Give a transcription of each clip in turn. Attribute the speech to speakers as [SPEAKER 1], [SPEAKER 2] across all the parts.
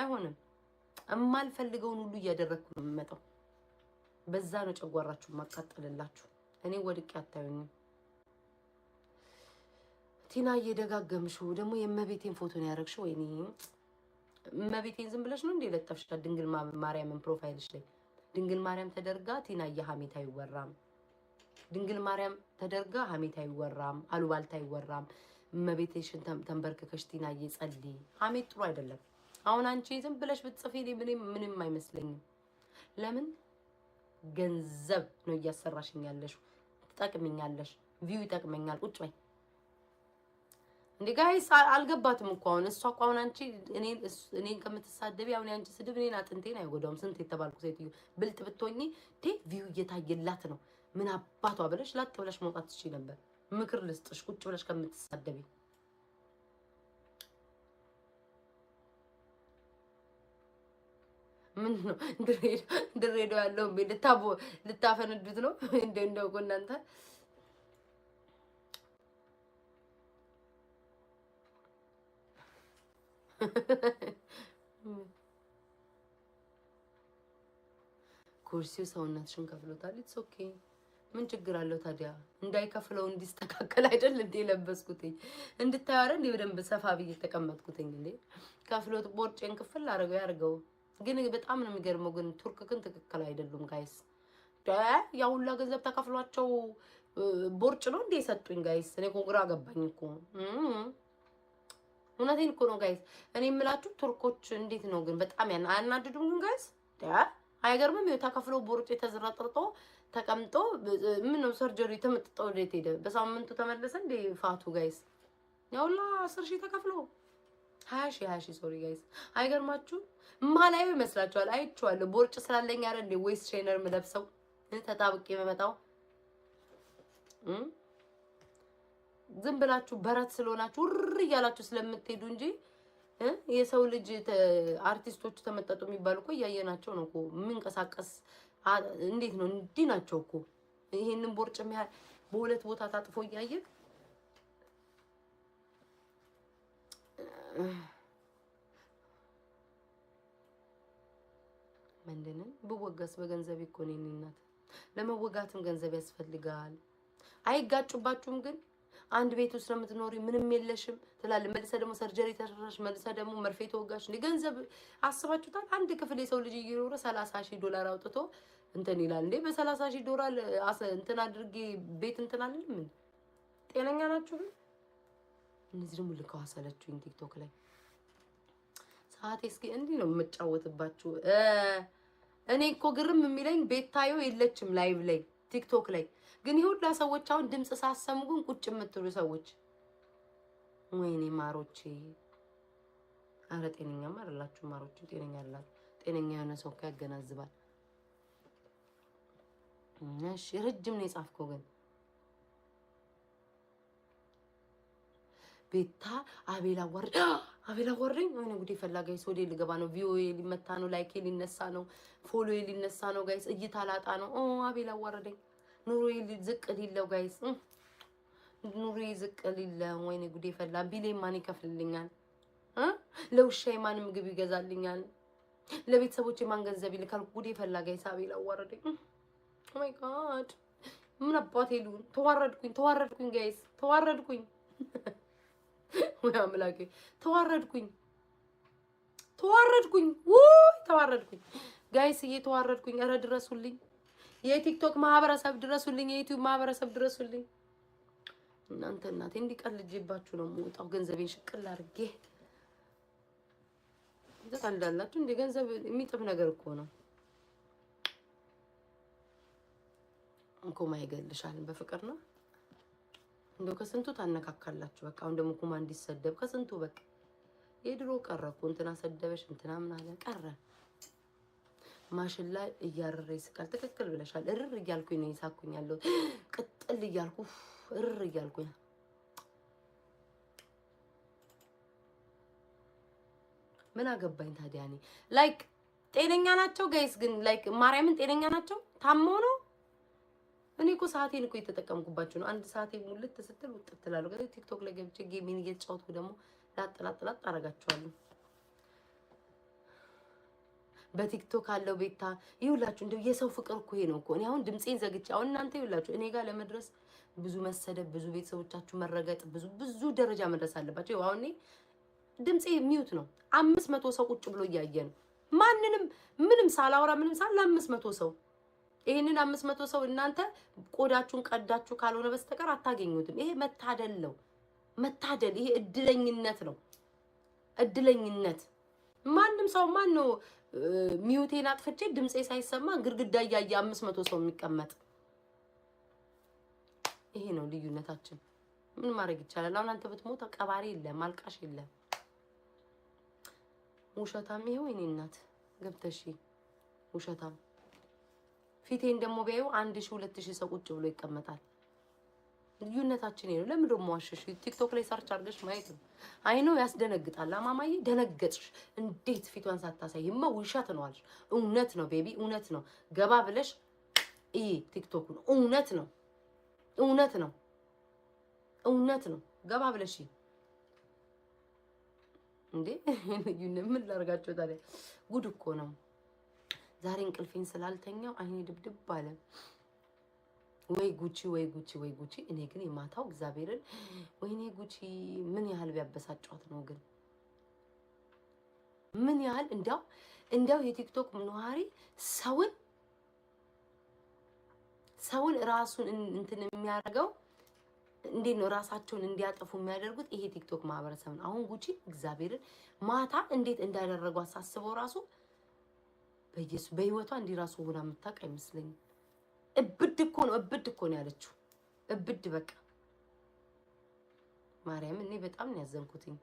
[SPEAKER 1] አይሆንም። የማልፈልገውን ሁሉ እያደረግኩ ነው የምመጣው። በዛ ነው ጨጓራችሁ ማቃጠልላችሁ። እኔ ወድቄ አታዩኝም። ቲና እየደጋገምሽው ደግሞ የእመቤቴን ፎቶ ነው ያደረግሽው። ወይኔ እመቤቴን ዝም ብለሽ ነው እንዴ የለጠፍሻት ድንግል ማርያምን ፕሮፋይልሽ ላይ ድንግል ማርያም ተደርጋ ቲና ሀሜት አይወራም። ድንግል ማርያም ተደርጋ ሀሜት አይወራም፣ አሉባልታ አይወራም። እመቤቴሽን ተንበርክከሽ ቲናዬ እየጸልይ ሀሜት ጥሩ አይደለም። አሁን አንቺ ዝም ብለሽ ብትጽፊ ምንም አይመስለኝም። ለምን ገንዘብ ነው እያሰራሽኝ ያለሽ። ትጠቅምኛለሽ፣ ቪው ይጠቅመኛል። ቁጭ በይ እንዴ ጋይስ። አልገባትም እኮ አሁን እሷ እኮ አሁን አንቺ እኔን ከምትሳደቢ አሁን አንቺ ስድብ እኔን አጥንቴን አይጎዳውም። ስንት የተባልኩ ሴትዮ ብልጥ ብትሆኚ ዴ ቪው እየታየላት ነው ምን አባቷ ብለሽ ላጥ ብለሽ መውጣት ትችይ ነበር። ምክር ልስጥሽ ቁጭ ብለሽ ከምትሳደቢ ምን ነው ድሬዳዋ ያለው ልታቦ ልታፈነዱት ነው እንደ እንደው እናንተ ኩርሲው ሰውነትሽን ከፍሎታል። ኢትስ ኦኬ። ምን ችግር አለው ታዲያ? እንዳይከፍለው እንዲስተካከል አይደል እንዴ ለበስኩትኝ እንድታያረ እንዴ በደንብ ሰፋ ብዬ ተቀመጥኩትኝ እንዴ ከፍሎት ቦርጬን ክፍል አድርገው ያርገው። ግን በጣም ነው የሚገርመው። ግን ቱርክ ግን ትክክል አይደሉም ጋይስ። ያሁላ ሁላ ገንዘብ ተከፍሏቸው ቦርጭ ነው እንዴ የሰጡኝ ጋይስ? እኔ እኮ ግራ እኮ እውነቴን እኮ ነው ጋይስ። እኔ የምላችሁ ቱርኮች እንዴት ነው ግን በጣም ያን አያናድዱም ግን ጋይስ። አይገርምም? ይኸው ተከፍሎ ቦርጭ የተዝረጥርጦ ተቀምጦ ምን ነው ሰርጀሪ ተመጥጦ ወዴት ሄደ? በሳምንቱ ተመለሰ እንዴ ፋቱ ጋይስ? ያውላ አስር ሺህ ተከፍሎ ሀያ ሺ ሀያ ሺ ሶሪ ጋይስ አይገርማችሁ ማላዩ ይመስላችኋል? አይቼዋለሁ። ቦርጭ ስላለኝ አረ እንዴ ዌይስ ትሬነር የምለብሰው ተጣብቄ የምመጣው ዝም ብላችሁ በረት ስለሆናችሁ ውር እያላችሁ ስለምትሄዱ እንጂ የሰው ልጅ አርቲስቶቹ ተመጠጡ የሚባሉ እኮ እያየናቸው ነው እኮ እንዴት ነው? እንዲህ ናቸው እኮ ይሄንን ቦርጭ በሁለት ቦታ ታጥፎ እያየ ምንድንን ብወጋስ በገንዘብ እኮ ነው። እናት ለመወጋትም ገንዘብ ያስፈልጋል። አይጋጩባችሁም ግን አንድ ቤት ውስጥ ለምትኖሪ ምንም የለሽም ትላለ መልሰ ደግሞ ሰርጀሪ ተሰራሽ፣ መልሰ ደግሞ መርፌ ተወጋሽ። ገንዘብ አስባችሁታል? አንድ ክፍል የሰው ልጅ እየኖረ ሰላሳ ሺህ ዶላር አውጥቶ እንትን ይላል እንዴ! በሰላሳ ሺህ ዶላር እንትን አድርጌ ቤት እንትን አልልም። ጤነኛ ናችሁ ግን እነዚህ ደግሞ ልከዋስ አለችኝ ቲክቶክ ላይ ሰዓቴ። እስኪ እንዲህ ነው የምጫወትባችሁ። እኔ እኮ ግርም የሚለኝ ቤታዮ የለችም ላይቭ ላይ ቲክቶክ ላይ ግን ይሁላ ሰዎች አሁን ድምፅ ሳሰሙ ግን ቁጭ የምትሉ ሰዎች ወይኔ ማሮቼ፣ አረ ጤነኛም አይደላችሁ ማሮቼ። ጤነኛ አይደላችሁ። ጤነኛ የሆነ ሰው እኮ ያገናዝባል። እሺ ረጅም ነው የጻፍከው ግን ቤታ አቤላ አዋረድ አቤላ አዋረኝ። ወይኔ ጉዴ ፈላ ጋይስ፣ ወዴ ልገባ ነው። ቪኦኤ ሊመታ ነው። ላይክ ሊነሳ ነው። ፎሎ ሊነሳ ነው ጋይስ። እይታ ላጣ ነው። አቤል አዋረደኝ። ኑሮ ዝቅ ሊለው ጋይስ፣ ኑሮ ዝቅ ሊለው። ወይኔ ጉዴ ፈላ። ቢሌ ማን ይከፍልልኛል? ለውሻ ማን ምግብ ይገዛልኛል? ለቤተሰቦቼ ማን ገንዘብ ይልካል? ጉዴ ፈላ ጋይስ፣ አቤል አዋረደኝ። ኦ ማይ ጋድ ምን አባቴ ልሁን? ተዋረድኩኝ፣ ተዋረድኩኝ ጋይስ፣ ተዋረድኩኝ። ወይ አምላኬ ተዋረድኩኝ፣ ተዋረድኩኝ፣ ውይ ተዋረድኩኝ። ጋይስ እየተዋረድኩኝ፣ ኧረ ድረሱልኝ። የቲክቶክ ማህበረሰብ ድረሱልኝ፣ የዩቲዩብ ማህበረሰብ ድረሱልኝ። እናንተ እናቴ እንዲቀልጅባችሁ ነው የምወጣው። ገንዘቤን ሽቅል አድርጌ ትቀልዳላችሁ እንደ ገንዘብ የሚጥፍ ነገር እኮ ነው እንኮ። ማይገልሻል በፍቅር ነው እንደው ከስንቱ ታነካካላችሁ። በቃ አሁን ደግሞ ኩማ እንዲሰደብ ከስንቱ በቃ የድሮ ቀረ እኮ እንትና ሰደበሽ እንትና ምን አለ ቀረ። ማሽላ እያረረ ይስቃል። ትክክል ብለሻል። እርር እያልኩኝ ነው ይሳኩኝ ያለው ቅጥል እያልኩ እርር እያልኩኝ ምን አገባኝ ታዲያ እኔ ላይክ ጤነኛ ናቸው ጋይስ ግን ላይክ ማርያምን ጤነኛ ናቸው ታመው ነው እኔ እኮ ሰዓቴን እኮ እየተጠቀምኩባቸው ነው። አንድ ሰዓቴ ሙልት ስትል ውጥት ትላለሁ። ከዚ ቲክቶክ ላይ ገብቼ ጌሜን እየተጫወትኩ ደግሞ ላጠላጥላጥ አረጋችኋለሁ። በቲክቶክ አለው ቤታ ይውላችሁ። እንደው የሰው ፍቅር እኮ ይሄ ነው እኮ። እኔ አሁን ድምፄን ዘግቼ አሁን እናንተ ይውላችሁ፣ እኔ ጋር ለመድረስ ብዙ መሰደብ፣ ብዙ ቤተሰቦቻችሁ መረገጥ፣ ብዙ ብዙ ደረጃ መድረስ አለባቸው። አሁን እኔ ድምፄ ሚዩት ነው። አምስት መቶ ሰው ቁጭ ብሎ እያየ ነው። ማንንም ምንም ሳላወራ ምንም ሳላ ለአምስት መቶ ሰው ይህንን አምስት መቶ ሰው እናንተ ቆዳችሁን ቀዳችሁ ካልሆነ በስተቀር አታገኙትም። ይሄ መታደል ነው፣ መታደል ይሄ እድለኝነት ነው። እድለኝነት ማንም ሰው ማን ነው ሚውቴን አጥፍቼ ድምፄ ሳይሰማ ግድግዳ እያየ አምስት መቶ ሰው የሚቀመጥ ይሄ ነው ልዩነታችን። ምን ማድረግ ይቻላል? አሁን አንተ ብትሞት ቀባሪ የለም፣ አልቃሽ የለም። ውሸታም ይሄው የኔ እናት ገብተሽ ውሸታም ፊቴን ደግሞ ቢያዩ አንድ ሺ ሁለት ሺ ሰው ቁጭ ብሎ ይቀመጣል። ልዩነታችን ይሄ ነው። ለምን ደሞ አሸሽ ቲክቶክ ላይ ሰርች አድርገሽ ማየት ነው። አይ ያስደነግጣል። አማማዬ ደነገጥሽ። እንዴት ፊቷን ሳታሳይ ሳታሳይማ ውሸት ነው አልሽ። እውነት ነው ቤቢ፣ እውነት ነው። ገባ ብለሽ ይ ቲክቶኩን እውነት ነው፣ እውነት ነው፣ እውነት ነው። ገባ ብለሽ እንዴ ምን ላርጋቸው ታዲያ? ጉድ እኮ ነው። ዛሬ እንቅልፌን ስላልተኛው አይኔ ድብድብ አለ። ወይ ጉቺ ወይ ጉቺ ወይ ጉቺ። እኔ ግን የማታው እግዚአብሔርን ወይኔ ጉቺ ምን ያህል ቢያበሳጫት ነው ግን ምን ያህል እንዲያው እንዲያው የቲክቶክ ነዋሪ ሰውን ሰውን ራሱን እንትን የሚያደርገው እንዴት ነው ራሳቸውን እንዲያጠፉ የሚያደርጉት ይሄ ቲክቶክ ማህበረሰብ ነው። አሁን ጉቺ እግዚአብሔርን ማታ እንዴት እንዳደረጓት ሳስበው ራሱ በኢየሱስ በህይወቷ እንዲህ ራሱ ሆና የምታውቅ አይመስለኝም። እብድ እኮ ነው፣ እብድ እኮ ነው ያለችው። እብድ በቃ ማርያም፣ እኔ በጣም ነው ያዘንኩትኝ።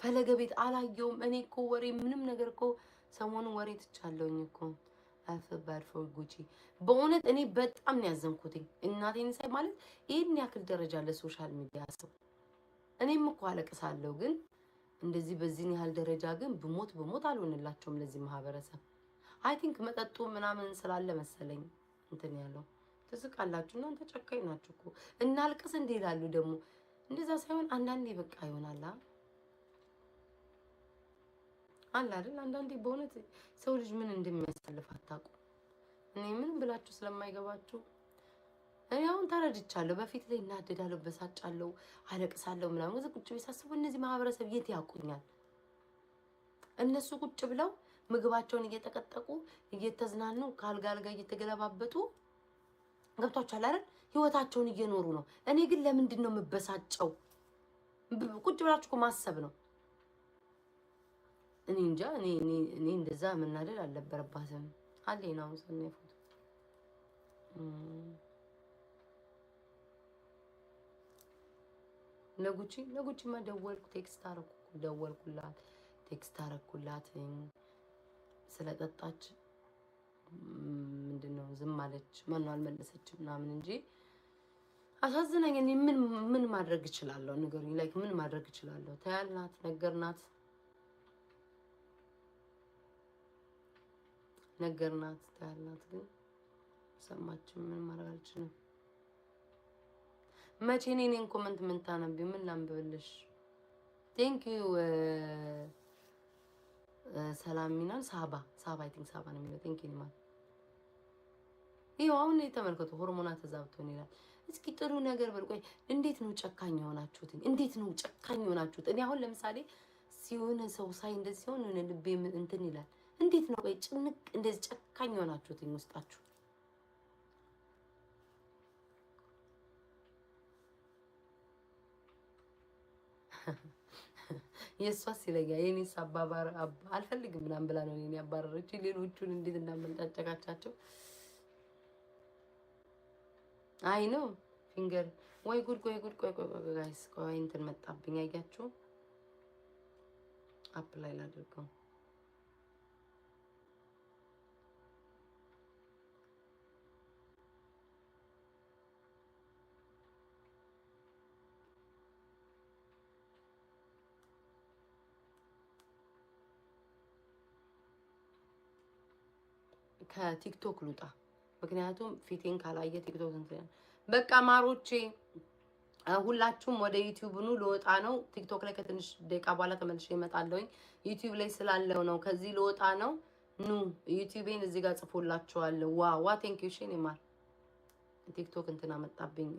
[SPEAKER 1] ፈለገ ቤት አላየውም። እኔ እኮ ወሬ ምንም ነገር እኮ ሰሞኑን ወሬ ትቻለሁኝ እኮ አፈባድ ፎር ጉቺ። በእውነት እኔ በጣም ነው ያዘንኩትኝ። እናቴን ሳይ ማለት ይህን ያክል ደረጃ ለሶሻል ሚዲያ ሰው እኔም እኮ አለቅሳለሁ፣ ግን እንደዚህ በዚህን ያህል ደረጃ ግን ብሞት ብሞት አልሆንላቸውም ለዚህ ማህበረሰብ። አይ ቲንክ መጠጡ ምናምን ስላለ መሰለኝ እንትን ያለው ትስቃላችሁ። እናንተ ጨካኝ ናችሁ እኮ እናልቅስ እንዴ ይላሉ ደግሞ። እንደዛ ሳይሆን አንዳንዴ በቃ ይሆናላ አለ አይደል? አንዳንዴ በእውነት ሰው ልጅ ምን እንደሚያሳልፍ አታውቁ። እኔ ምን ብላችሁ ስለማይገባችሁ እኔ አሁን ተረድቻለሁ። በፊት ላይ እናደዳለሁ፣ በሳጫለሁ፣ አለቅሳለሁ ምናምን ዚ ቁጭ ሳስቡ እነዚህ ማህበረሰብ የት ያውቁኛል? እነሱ ቁጭ ብለው ምግባቸውን እየጠቀጠቁ እየተዝናኑ ከአልጋ አልጋ እየተገለባበጡ ገብቷቸዋል አይደል? ህይወታቸውን እየኖሩ ነው። እኔ ግን ለምንድን ነው የምበሳጨው? ቁጭ ብላችሁ እኮ ማሰብ ነው። እኔ እንጃ። እኔ እኔ እንደዛ መናደድ አልነበረባትም። አሌ ናሁን ስናይ ፎቶ ለጉቺ ለጉቺማ ደወልኩ፣ ቴክስት አረኩ፣ ደወልኩላት፣ ቴክስት አረኩላት። ስለጠጣች ምንድነው ዝም አለች፣ ማነው አልመለሰች ምናምን እንጂ አሳዝነኝ። እኔ ምን ምን ማድረግ እችላለሁ? ንገሩኝ፣ ላይክ ምን ማድረግ እችላለሁ? ተያልናት፣ ነገርናት፣ ነገርናት፣ ተያልናት፣ ግን ሰማችን። ምን ማድረግ አልችልም። መቼ እኔ እኔን ኮመንት ምን ታነቢ? ምን ላንብብልሽ? ቴንክ ዩ ሰላም ሚናል ሳባ ሳባ አይ ቲንክ ሳባ ነው የሚለው። ቴንክ ዩ ማል ይኸው አሁን የተመልከቱ ሆርሞናት ተዛብቶን ይላል። እስኪ ጥሩ ነገር በል። ቆይ እንዴት ነው ጨካኝ የሆናችሁት? እንዴት ነው ጨካኝ የሆናችሁት? እኔ አሁን ለምሳሌ ሲሆነ ሰው ሳይ እንደዚህ ሲሆን ልቤ እንትን ይላል። እንዴት ነው ቆይ ጭንቅ እንደዚህ ጨካኝ የሆናችሁት ውስጣችሁ የእሷስ ይለኛል። የኔስ አባባር አልፈልግም ምናምን ብላ ነው እኔን ያባረረችው። ሌሎቹን እንዴት እንዳመንጫጨቃቻቸው አይ ነው ፊንገር ወይ ጉድ ወይ ጉድ። ቆይ ቆይ ቆይ ጋይስ፣ ቆይ እንትን መጣብኝ። አያችሁ አፕላይ ላድርገው ከቲክቶክ ልውጣ። ምክንያቱም ፊቴን ካላየ ቲክቶክ እንትን በቃ ማሮቼ ሁላችሁም ወደ ዩቲዩብ ኑ። ልወጣ ነው። ቲክቶክ ላይ ከትንሽ ደቂቃ በኋላ ተመልሼ እመጣለሁኝ። ዩቲዩብ ላይ ስላለው ነው። ከዚህ ልወጣ ነው። ኑ ዩቲዩቤን እዚህ ጋር ጽፎላችኋለሁ። ዋ ዋ ዩ ሺን ይማል ቲክቶክ እንትን አመጣብኝ።